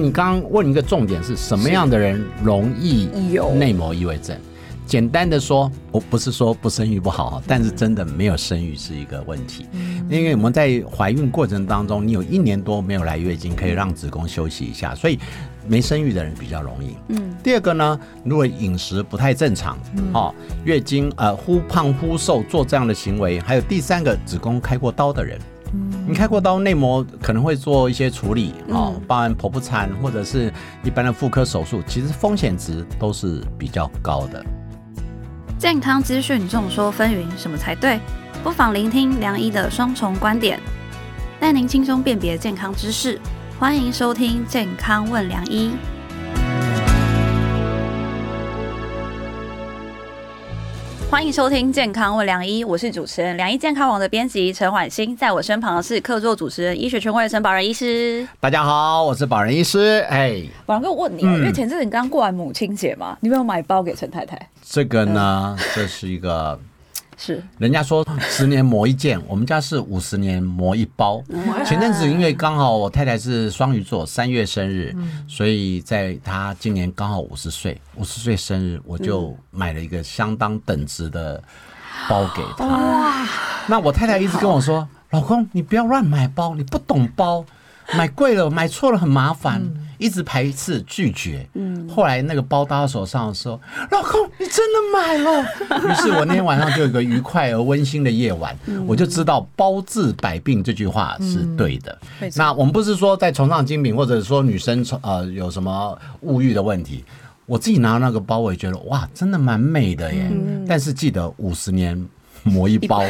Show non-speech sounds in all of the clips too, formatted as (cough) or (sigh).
你剛問一個重點是什麼樣的人容易內膜異位症？嗯、簡單的說，我不是說不生育不好，嗯、但是真的沒有生育是一個問題。嗯、因為我們在懷孕過程當中，你有一年多沒有來月經，可以讓子宮休息一下。嗯、所以沒生育的人比較容易。嗯。第二個呢，如果飲食不太正常，嗯哦、月經呃忽胖忽瘦做這樣的行為，還有第三個子宮開過刀的人。嗯、你開過刀內膜可能會做一些處理啊，包含剖腹產或者是一般的婦科手術，其實風險值都是比較高的。健康資訊眾說紛紜，什麼才對？不妨聆聽良醫的雙重觀點，帶您輕鬆辨別健康知識。歡迎收聽《健康問良醫》。歡迎收聽《健康問良醫》，我是主持人良醫健康網的編輯陳宛欣，在我身旁的是客座主持人、醫學權威陳保仁醫師。大家好，我是保仁醫師。哎，保仁哥問你，嗯、因為前陣子你剛過完母親節嘛，你沒有買包給陳太太？這個呢，嗯、這是一個。 (laughs) 是，人家說十年磨一劍， (laughs) 我們家是五十年磨一包。前陣子因為剛好我太太是雙魚座，三月生日，所以在她今年剛好五十歲，五十歲生日，我就買了一個相當等值的包給她。那我太太一直跟我說：“老公，你不要亂買包，你不懂包，買貴了，買錯了很麻煩。”一直排斥拒絕，嗯，後來那個包到我手上說、嗯、老公你真的買了，於 (laughs) 是我那天晚上就有一個愉快而溫馨的夜晚，嗯、我就知道包治百病這句話是對的。嗯、那我們不是說在崇尚精品，或者說女生呃有什麼物欲的問題，我自己拿到那個包，我也覺得哇，真的蠻美的耶。嗯、但是記得五十年。磨一包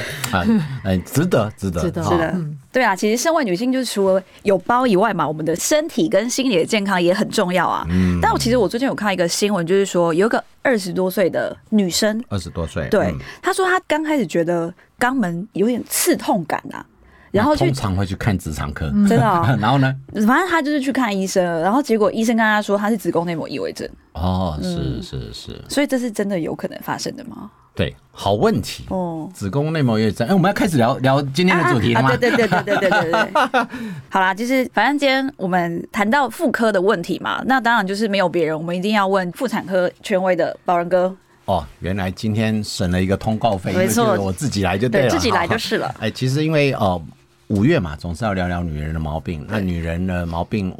哎，值得，值得，值得，值得，對啊。其實身為女性，就是除了有包以外嘛，我們的身體跟心理的健康也很重要啊。嗯。但我其實我最近有看一個新聞，就是說有一個二十多歲的女生，二十多歲，對，她說她剛開始覺得肛門有點刺痛感啊，然後去，常會去看直腸科，真的。然後呢，反正她就是去看醫生，然後結果醫生跟她說她是子宮內膜異位症。哦，是是是。所以這是真的有可能發生的嗎？對，好問題哦。子宮內膜異位症，哎、欸，我們要開始聊聊今天的主題了嗎？啊啊、對對對對對對對好啦，就是反正今天我們談到婦科的問題嘛，那當然就是沒有別人，我們一定要問婦產科權威的保仁哥。哦，原來今天省了一個通告費，沒錯，我自己來就對了，對好自己來就是了。哎，其實因為呃五月嘛，總是要聊聊女人的毛病，對那女人的毛病。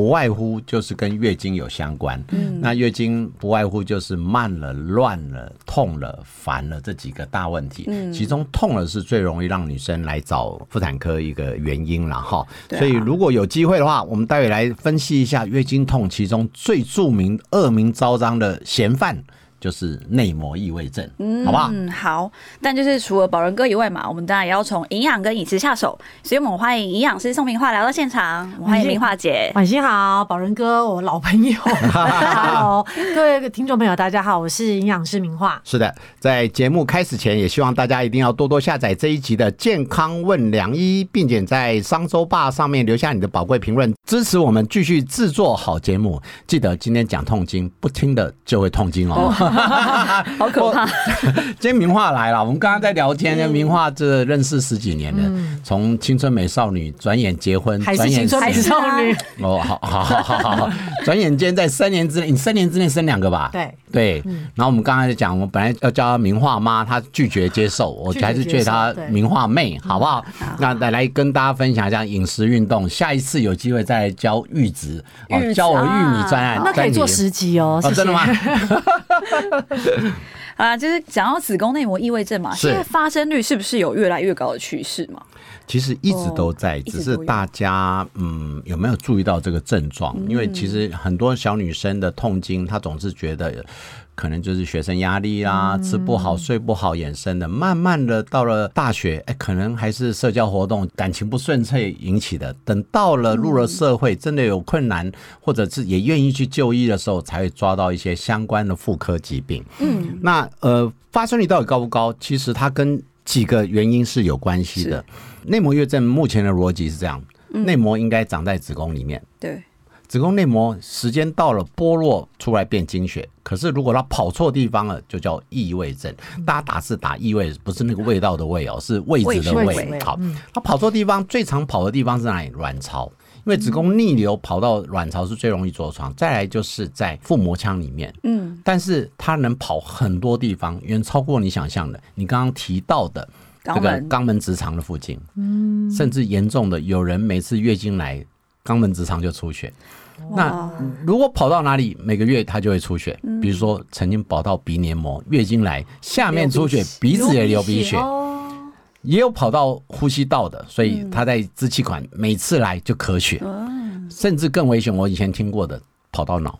不外乎就是跟月經有相關，嗯，那月經不外乎就是慢了、亂了、痛了、煩了這幾個大問題，嗯，其中痛了是最容易讓女生來找婦產科一個原因了哈，啊，所以如果有機會的話，我們待會來分析一下月經痛其中最著名惡名昭彰的嫌犯，就是內膜異位症，嗯，好不吧好？好，但就是除了保仁哥以外嘛，我們當然也要從營養跟飲食下手。所以我們歡迎營養師宋明樺來到現場，希我歡迎明樺姐。宛欣好，保仁哥，我老朋友。好， (laughs) (laughs) 各位聽眾朋友，大家好，我是營養師明樺。是的，在節目開始前，也希望大家一定要多多下載這一集的《健康問良醫》，並且在商周 Bar 上面留下你的寶貴評論，支持我們繼續制作好節目。記得今天講痛經，不聽的就會痛經哦。Oh. (laughs) 好可怕！ (laughs) 今天明樺來了，我們剛剛在聊天。明樺這認識十幾年了，從青春美少女，轉眼結婚，還是青春美少女。轉眼哦，好，好，好，好，好，轉眼間在三年之內，你三年之內生兩個吧？對。對，然後我們剛才就講，我本來要教她名畫媽，她拒絕接受，我還是覺得她名畫妹，好不好？那再來跟大家分享一下飲食運動，下一次有機會再教玉子，教我玉米專案，那可以做十集哦，是真的嗎？啊，就是講到子宮內膜異位症嘛，現在發生率是不是有越來越高的趨勢嘛？其實一直都在，oh，都只是大家嗯有沒有注意到這個症狀？嗯、因為其實很多小女生的痛經，她總是覺得可能就是學生壓力啦、啊，嗯、吃不好睡不好衍生的。慢慢的到了大學，哎、欸，可能還是社交活動、感情不順遂引起的。等到了入了社會，嗯、真的有困難或者是也願意去就醫的時候，才會抓到一些相關的婦科疾病。嗯，那呃發生率到底高不高？其實它跟幾個原因是有關係的。內膜月症目前的邏輯是這樣：內、嗯、膜應該長在子宮裡面，對子宮內膜時間到了剝落出來變經血。可是如果它跑錯地方了，就叫異位症。嗯、大家打字打異位，不是那個味道的味哦、喔，嗯、是位置的位。位位好，它、嗯、跑錯地方，最常跑的地方是哪裡？卵巢，因為子宮逆流跑到卵巢是最容易着床。再來就是在腹膜腔裡面。嗯，但是它能跑很多地方，遠超過你想象的。你剛剛提到的。這個肛門直腸的附近，嗯、甚至嚴重的，有人每次月經來，肛門直腸就出血。哇那如果跑到哪裡，每個月他就會出血，嗯、比如說曾經跑到鼻黏膜，月經來下面出血，鼻子也流鼻血，鼻血也有跑到呼吸道的，哦、所以他在支氣管每次來就咳血，嗯、甚至更危險，我以前聽過的跑到腦。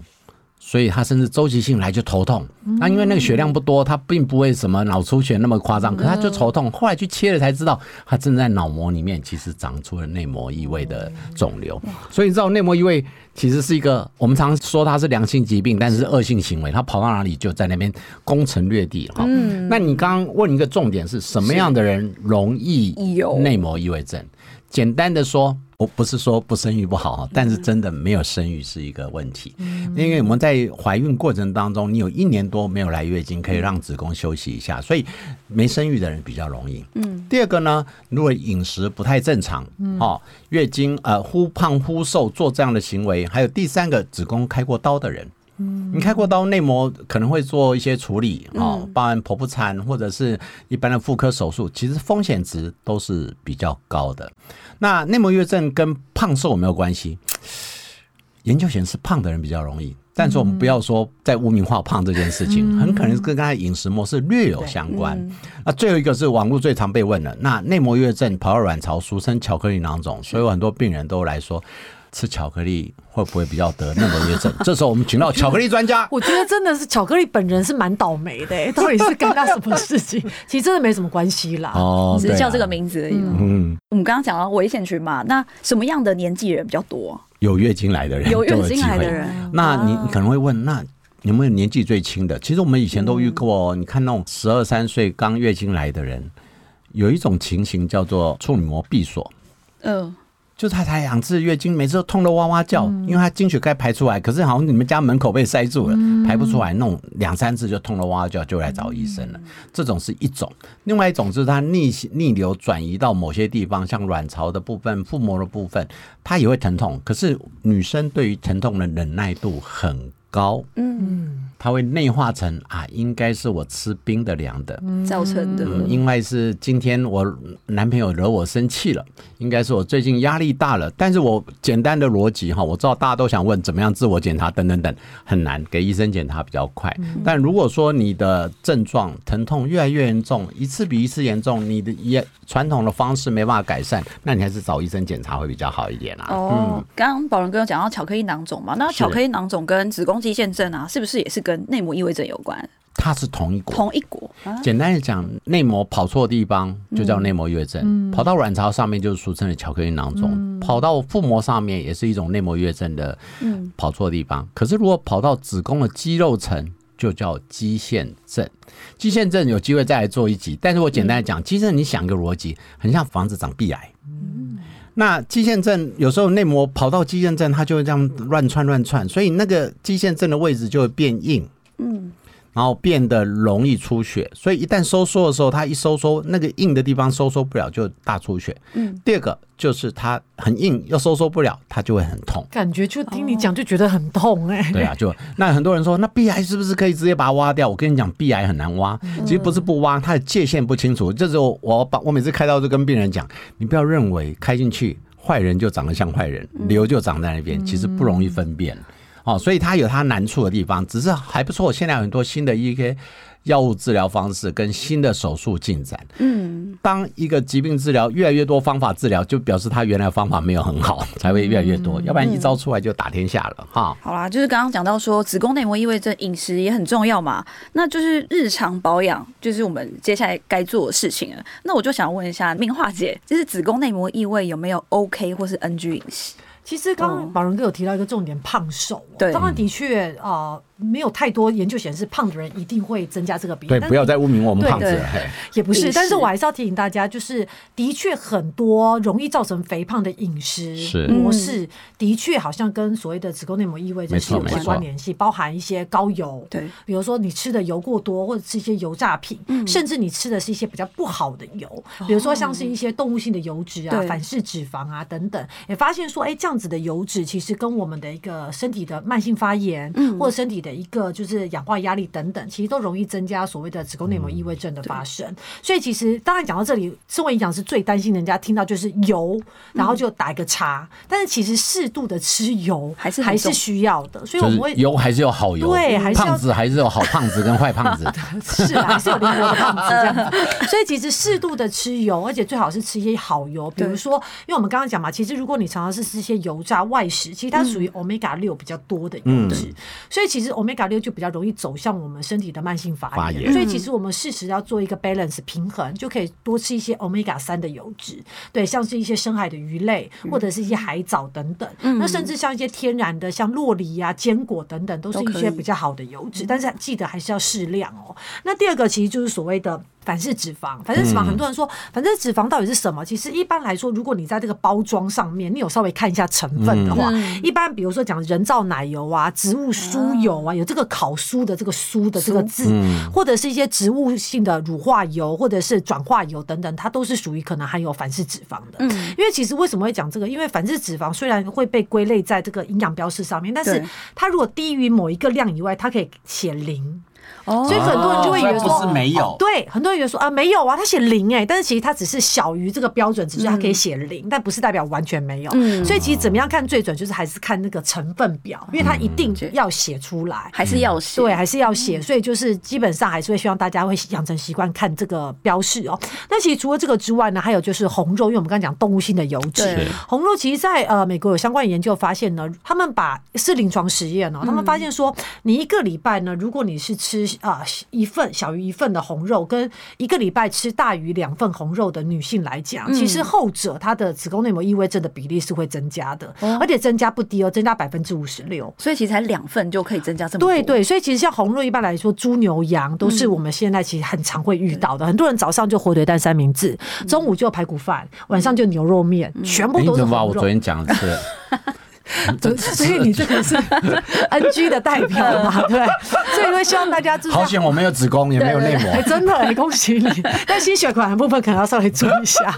所以他甚至週期性來就頭痛，嗯、那因為那個血量不多，他並不會什麼腦出血那麼誇張，嗯、可他就頭痛。後來去切了才知道，他正在腦膜裡面其實長出了內膜異位的腫瘤。嗯、所以你知道內膜異位其實是一個我們常說它是良性疾病，但是惡性行為，它跑到哪裡就在那邊攻城略地哈。嗯、那你剛剛問一個重點是什麼樣的人容易內膜異位症？簡單的說，我不是說不生育不好，但是真的沒有生育是一個問題。嗯，因為我們在懷孕過程當中，你有一年多沒有來月經，可以讓子宮休息一下，所以沒生育的人比較容易。嗯，第二個呢，如果飲食不太正常，嗯，哦，月經呃忽胖忽瘦做這樣的行為，還有第三個子宮開過刀的人。嗯、你開過刀，內膜可能會做一些處理啊，包含剖腹產或者是一般的婦科手術，其實風險值都是比較高的。那內膜異位症跟胖瘦有沒有關係？研究顯示胖的人比較容易，但是我們不要說在污名化胖這件事情，很可能是跟剛才飲食模式略有相關。嗯，那最後一個是網絡最常被問的，那內膜異位症跑到卵巢，俗稱巧克力囊腫，所以很多病人都來說。吃巧克力會不會比較得內膜異位症？ (laughs) 這時候我們請到巧克力專家。 (laughs) 我覺得真的是巧克力本人是蠻倒霉的，欸，到底是跟他什麼事情？ (laughs) 其實真的沒什麼關係啦，哦啊、只是叫這個名字而已。嗯，嗯我們剛剛講到危險群嘛，那什麼樣的年紀人比較多？有月，有，有月經來的人，有月經來的人，那你可能會問，啊、那你有沒有年紀最輕的？其實我們以前都遇過，嗯、你看那種十二三歲剛月經來的人，有一種情形叫做處女膜閉鎖。嗯、呃。就是她才兩次月經，每次都痛得哇哇叫，嗯、因為她經血該排出來，可是好像你們家門口被塞住了，嗯、排不出來，弄兩三次就痛得哇哇叫，就來找醫生了。嗯、這種是一種，另外一種就是她逆逆流轉移到某些地方，像卵巢的部分、腹膜的部分，她也會疼痛。可是女生對於疼痛的忍耐度很高。高，嗯，它會內化成啊，應該是我吃冰的涼的造成的，嗯嗯、因為是今天我男朋友惹我生氣了，應該是我最近壓力大了。但是我簡單的邏輯哈，我知道大家都想問怎麼樣自我檢查等等等，很難給醫生檢查比較快。嗯、但如果說你的症狀疼痛越來越嚴重，一次比一次嚴重，你的也傳統的方式沒辦法改善，那你還是找醫生檢查會比較好一點啊。哦，剛剛保仁哥講到巧克力囊腫嘛，那巧克力囊腫跟子宮。肌腺症啊，是不是也是跟內膜異位症有關？它是同一國，同一國。啊、簡單的講，內膜跑錯地方就叫內膜異位症，嗯嗯、跑到卵巢上面就是俗稱的巧克力囊腫，嗯、跑到腹膜上面也是一種內膜異位症的跑錯地方。嗯、可是如果跑到子宮的肌肉層，就叫肌腺症。肌腺症有機會再來做一集，但是我簡單的講，肌腺，你想一個邏輯，很像房子長壁癌。那肌腺症有時候內膜跑到肌腺症，它就會這樣亂竄亂竄，所以那個肌腺症的位置就會變硬。嗯。然後變得容易出血，所以一旦收縮的時候，它一收縮，那個硬的地方收縮不了，就大出血。嗯，第二個就是它很硬，又收縮不了，它就會很痛。感覺就聽你講就覺得很痛哎、欸。對啊，就那很多人說那鼻癌是不是可以直接把它挖掉？我跟你講，鼻癌很難挖。其實不是不挖，它的界限不清楚。這時候，是，我把我，我每次開刀就跟病人講，你不要認為開進去壞人就長得像壞人，瘤就長在那邊，其實不容易分辨。嗯嗯。所以它有它難處的地方，只是還不錯。現在有很多新的一個藥物治療方式跟新的手術進展，嗯，當一個疾病治療越來越多方法治療，就表示他原來方法沒有很好，才會越來越多。嗯、要不然一招出來就打天下了。嗯、哈。好啦，就是剛剛講到說子宮內膜異位症，飲食也很重要嘛，那就是日常保養，就是我們接下來該做的事情了。那我就想問一下，明樺姐，就是子宮內膜異位有沒有 OK 或是 NG 飲食？其實剛剛保仁哥有提到一個重點，胖瘦，哦，當然的確啊。呃沒有太多研究顯示，胖的人一定會增加這個比例。對，不要再污名我們胖子。對，也不是。但是我還是要提醒大家，就是的確很多容易造成肥胖的飲食模式，的確好像跟所謂的子宮內膜異位症是有相關聯繫，包含一些高油。對，比如說你吃的油過多，或者是一些油炸品，甚至你吃的是一些比較不好的油，比如說像是一些動物性的油脂啊、反式脂肪啊等等，也發現說，哎，這樣子的油脂其實跟我們的一個身體的慢性發炎，或者身體的。一個就是氧化壓力等等，其實都容易增加所謂的子宮內膜異位症的發生。嗯、所以其實當然講到這裡，身為營養師最擔心人家聽到就是油，然後就打一個叉。嗯、但是其實適度的吃油還是還是需要的。所以我們會油還是有好油，對，還是胖子還是有好胖子跟壞胖子， (laughs) 是啊，還是有壞胖子這樣子 (laughs) 所以其實適度的吃油，而且最好是吃一些好油，對比如說，因為我們剛剛講嘛，其實如果你常常是吃一些油炸外食，其實它屬於 omega 六比較多的油脂。嗯、所以其實。Omega 六就比較容易走向我們身體的慢性發炎、發炎，所以其實我們適時要做一個 balance 平衡，就可以多吃一些 Omega 三的油脂，對，像是一些深海的魚類，嗯、或者是一些海藻等等，嗯、那甚至像一些天然的，像酪梨呀，啊、堅果等等，都是一些比較好的油脂，但是記得還是要適量哦。嗯、那第二個其實就是所謂的。反式脂肪，反式脂肪。很多人說，反式脂肪到底是什麼？嗯、其實一般來說，如果你在這個包裝上面，你有稍微看一下成分的話，嗯、一般比如說講人造奶油啊、植物酥油啊，嗯、有這個“烤酥的”的這個“酥”的這個字，嗯、或者是一些植物性的乳化油或者是轉化油等等，它都是屬於可能含有反式脂肪的。嗯、因為其實為什麼會講這個？因為反式脂肪雖然會被歸類在這個營養標示上面，但是它如果低於某一個量以外，它可以寫零。哦、所以很多人就會覺得、哦、以為說沒有、哦，對，很多人以為說啊沒有啊，他寫零哎，但是其實他只是小於這個標準，只是他可以寫零，但不是代表完全沒有。嗯、所以其實怎麼樣看最準，就是還是看那個成分表，因為他一定要寫出來，嗯嗯、還是要寫，對，還是要寫。嗯、所以就是基本上還是會希望大家會養成習慣看這個標示哦。那其實除了這個之外呢，還有就是紅肉，因為我們剛剛講動物性的油脂，對紅肉其實在，在呃美國有相關研究發現呢，他們把是臨床實驗哦，他們發現說，你一個禮拜呢，如果你是吃吃啊，一份小於一份的紅肉，跟一個禮拜吃大於兩份紅肉的女性來講，其實後者她的子宮內膜異位症的比例是會增加的，嗯、而且增加不低哦，增加百分之五十六。所以其實才兩份就可以增加這麼多。對，對對，所以其實像紅肉，一般來說豬牛羊都是我們現在其實很常會遇到的。嗯、很多人早上就火腿蛋三明治，嗯、中午就排骨飯，晚上就牛肉麵，嗯、全部都是紅肉。我昨天講的是。 (laughs) (laughs) 所以你這個是 NG 的代表的嘛？對，所以會希望大家知道。好險我沒有子宮也沒有內膜，真的哎、欸，恭喜你！但心血管的部分可能要稍微注意一下。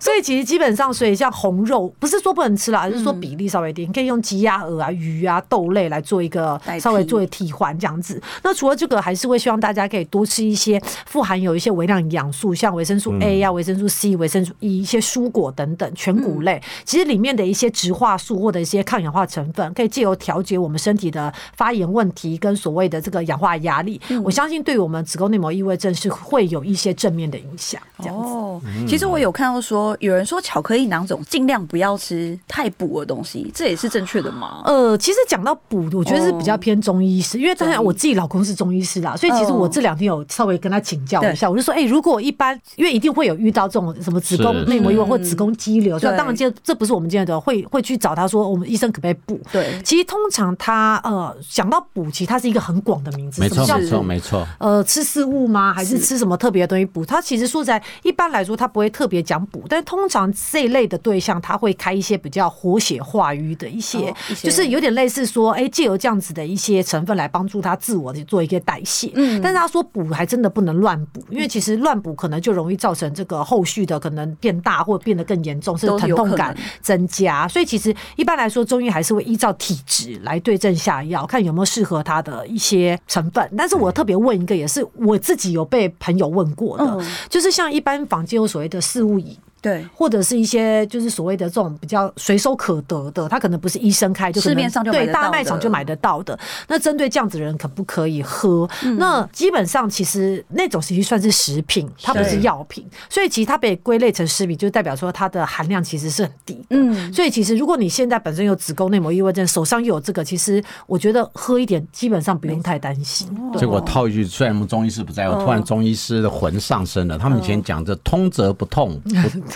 所以其實基本上，所以像紅肉，不是說不能吃了，而是說比例稍微低，你可以用雞、鴨、鵝啊、魚啊、啊、豆類來做一個稍微做替換這樣子。那除了這個，還是會希望大家可以多吃一些富含有一些微量營養素，像維生素 A 呀、維生素 C、維生素 E 一些蔬果等等全穀類。其實裡面的一些植化素或者一些抗抗氧化成分可以借由調節我們身體的發炎問題跟所謂的這個氧化壓力，我相信對我們子宮內膜異位症是會有一些正面的影響。這樣子、哦，其實我有看到說，有人說巧克力囊腫儘量不要吃太補的東西，這也是正確的嗎、嗯？呃，其實講到補，我覺得是比較偏中醫師，因為當然我自己老公是中醫師啦，所以其實我這兩天有稍微跟他請教一下，對 我就說，哎、欸，如果一般，因為一定會有遇到這種什麼子宮內膜異位或子宮肌瘤，所以是是、嗯、當然這這不是我們今天的會會去找他說我們一。醫生可不可以補？對，其實通常他呃想到補，其實它是一個很廣的名字，沒錯錯沒錯沒錯。呃，吃食物嗎？還是吃什麼特別東西補？是他其實說實在一般來說，他不會特別講補，但是通常這一類的對象，他會開一些比較活血化瘀的一些，哦、一些就是有點類似說，哎、欸，借由這樣子的一些成分來幫助他自我做一些代謝。嗯，但是他說補還真的不能亂補，因為其實亂補可能就容易造成這個後續的可能變大或者變得更嚴重，是疼痛感增加。所以其實一般來說。中醫還是會依照體質來對症下藥，看有沒有適合他的一些成分。但是我特別問一個，也是我自己有被朋友問過的，嗯、就是像一般坊間有所謂的四物飲。對，或者是一些就是所謂的這種比較隨手可得的，它可能不是醫生開，就是市面上對大賣場就買得到的。到的嗯、那針對這樣子的人，可不可以喝？那基本上其實那種其實算是食品，它不是藥品，對所以其實它被歸類成食品，就代表說它的含量其實是很低。嗯，所以其實如果你現在本身有子宮內膜異位症，手上又有這個，其實我覺得喝一點基本上不用太擔心，對結果套一句，雖然我們中醫師不在，我突然中醫師的魂上身了。嗯、他們以前講的通則不痛。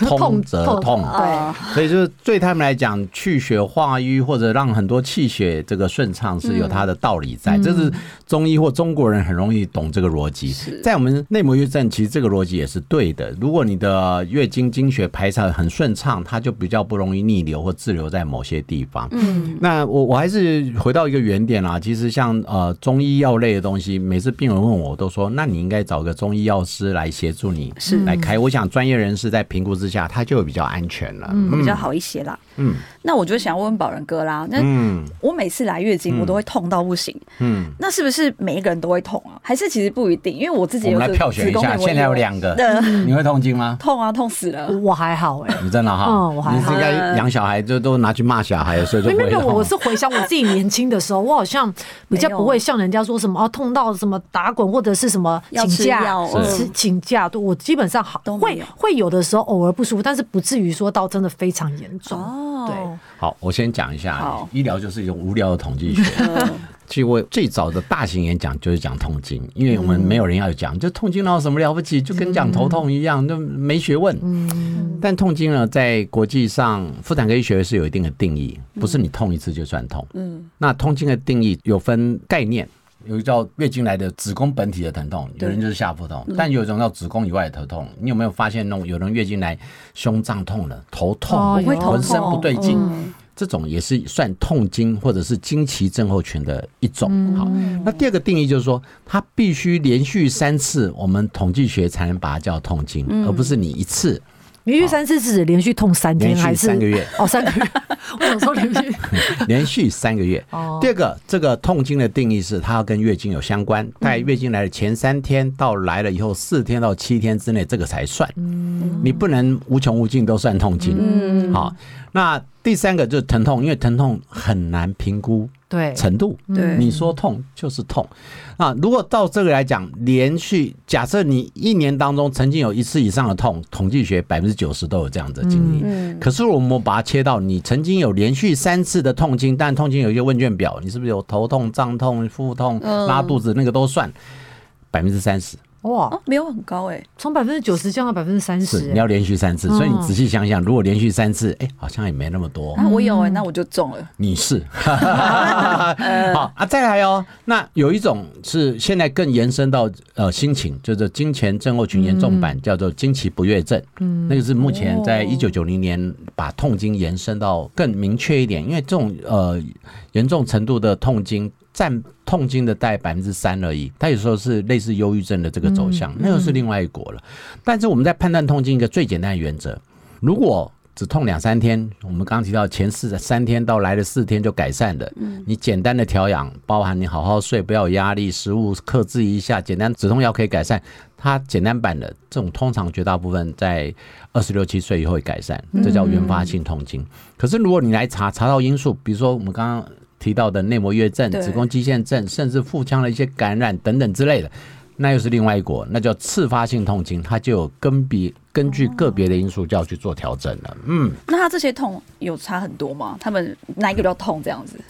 不 (laughs) 痛則痛，對，所以就是對他們來講，去血化瘀或者讓很多氣血這個順暢是有它的道理在。這是中醫或中國人很容易懂這個邏輯。在我們內膜異症，其實這個邏輯也是對的。如果你的月經經血排出來很順暢，它就比較不容易逆流或滯留在某些地方。嗯，那我我還是回到一個原點啦。其實像呃中醫藥類的東西，每次病人問我，我都說，那你應該找個中醫藥師來協助你，是來開。我想專業人士在評估之。下，它就比較安全了，會比較好一些啦。嗯，那我就想問問保仁哥啦。那我每次來月經，我都會痛到不行。嗯，那是不是每一個人都會痛啊？還是其實不一定？因為我自己，我們來票選一下，現在有兩個。對，你會痛經嗎？痛啊，痛死了！我還好哎，你真的哈？我還好。你應該養小孩就都拿去罵小孩，所以說。沒有沒有，我我是回想我自己年輕的時候，我好像比較不會像人家說什麼哦，痛到什麼打滾或者是什麼請假，請假都我基本上好會會有的時候偶爾。不舒服，但是不至於說到真的非常嚴重。哦，對，好，我先講一下，好醫療就是一種無聊的統計學。 (laughs) 其實我最早的大型演講就是講痛經，因為我們沒有人要講，嗯、就痛經然後什麼了不起，就跟講頭痛一樣，嗯、就沒學問。嗯、但痛經呢，在國際上，婦產科醫學是有一定的定義，不是你痛一次就算痛。嗯，那痛經的定義有分概念。有一個叫月經來的子宮本體的疼痛，有人就是下腹痛，對但有一種叫子宮以外的疼痛。嗯、你有沒有發現，那種有人月經來胸脹痛了，頭痛，渾、哦、身不對勁？嗯、這種也是算痛經或者是經期症候群的一種。好，那第二個定義就是說，它必須連續三次，我們統計學才能把它叫痛經，嗯、而不是你一次。連續三次是指連續痛三天還是三個月？哦，三個月。 (laughs) 我想說連續，連續三個月。哦，第二個，這個痛經的定義是它跟月經有相關，在月經來的前三天到來了以後四天到七天之內，這個才算。嗯，你不能無窮無盡都算痛經。嗯，好，那。第三個就是疼痛，因為疼痛很難評估程度。對，對你說痛就是痛啊。那如果照這個來講，連續假設你一年當中曾經有一次以上的痛，統計學百分之九十都有這樣的經歷。嗯，可是我們把它切到你曾經有連續三次的痛經，但痛經有些問卷表，你是不是有頭痛、脹痛、腹痛、拉肚子，那個都算百分之三十。哇、哦，沒有很高，哎、欸，從百分之九十降到百分之三十，你要連續三次，嗯、所以你仔細想想，如果連續三次，哎、欸，好像也沒那麼多。那、啊、我有，哎、欸，那我就中了。嗯、你是， (laughs) (laughs) 嗯、好啊，再來哦。那有一種是現在更延伸到呃心情，就是經前症候群嚴重版，嗯、叫做經前不悅症。嗯，那個是目前在一九九零年把痛經延伸到更明確一點，哦、因為這種呃嚴重程度的痛經。佔痛經的大概百分之三而已，它有時候是類似憂鬱症的這個走向，嗯嗯、那又是另外一國了。但是我們在判斷痛經一個最簡單的原則，如果只痛兩三天，我們剛剛提到前四三天到來的四天就改善的，嗯、你簡單的調養，包含你好好睡，不要有壓力，食物克制一下，簡單止痛藥可以改善。它簡單版的這種，通常絕大部分在二十六七歲以後會改善，這叫原發性痛經。嗯、可是如果你來查查到因素，比如說我們剛剛。提到的內膜異位症、對子宮肌腺症，甚至腹腔的一些感染等等之類的，那又是另外一個，那叫次發性痛經，它就有根別，根據個別的因素就要去做調整了。哦、嗯，那他這些痛有差很多嗎？他們哪一個比較痛這樣子？嗯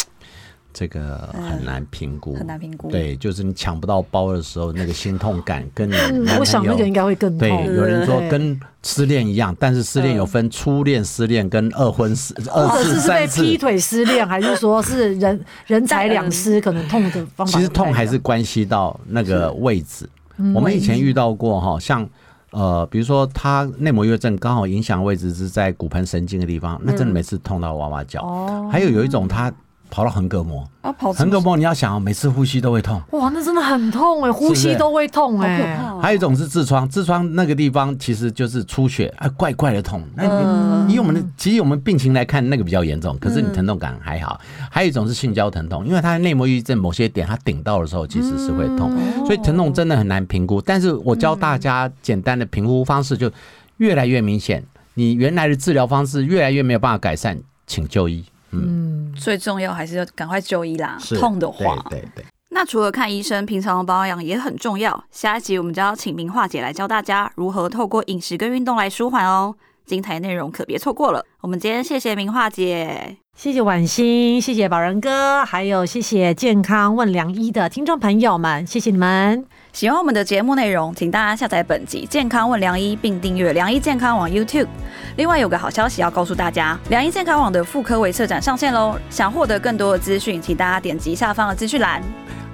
這個很難評估，很難評估。對，就是你搶不到包的時候，那個心痛感跟我想那個應該會更痛。對，有人說跟失戀一樣，但是失戀有分初戀失戀跟二婚失、二婚是被劈腿失戀，還是說是人人財兩失？可能痛的方法。其實痛還是關係到那個位置。我們以前遇到過哈，像呃，比如說他內膜異位症，剛好影響的位置是在骨盆神經的地方，那真的每次痛到哇哇叫。還有有一種他。跑到橫膈膜啊，跑橫膈膜，你要想、哦、每次呼吸都會痛哇，那真的很痛哎、欸，呼吸都會痛哎、欸，是不是、好可怕哦、還有一種是痔瘡，痔瘡那個地方其實就是出血，啊，怪怪的痛。那、嗯、以我們的其實我們病情來看，那個比較嚴重，可是你疼痛感還好。嗯、還有一種是性交疼痛，因為它內膜，在某些點它頂到的時候其實是會痛，嗯、所以疼痛真的很難評估。但是我教大家簡單的評估方式，就越來越明顯，你原來的治療方式越來越沒有辦法改善，請就醫。嗯。嗯最重要還是要趕快就醫啦，是痛的話。對，對對。那除了看醫生，平常的保養也很重要。下一集我們就要請明樺姐來教大家如何透過飲食跟運動來舒緩哦、喔，精彩內容可別錯過了。我們今天謝謝明樺姐，謝謝宛欣，謝謝保仁哥，還有謝謝健康問良醫的聽眾朋友們，謝謝你們。喜歡我們的節目內容，請大家下載本集《健康問良醫》並訂閱良醫健康網 YouTube。另外有個好消息要告訴大家，良醫健康網的婦科微測展上線嘍！想獲得更多的資訊，請大家點擊下方的資訊欄。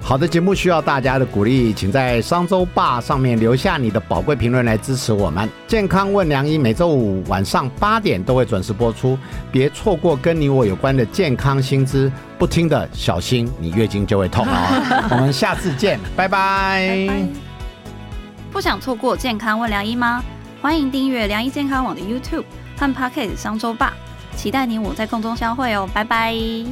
好的節目需要大家的鼓勵，請在商周 Bar 上面留下你的寶貴評論來支持我們。健康問良醫每週五晚上八點都會準時播出，別錯過跟你我有關的健康新知。不聽的小心，你月經就會痛啊！我們下次見，拜拜。不想錯過健康問良醫嗎？歡迎訂閱良醫健康網的 YouTube 和 Podcast 商周 Bar，期待你我在空中相會哦！拜拜。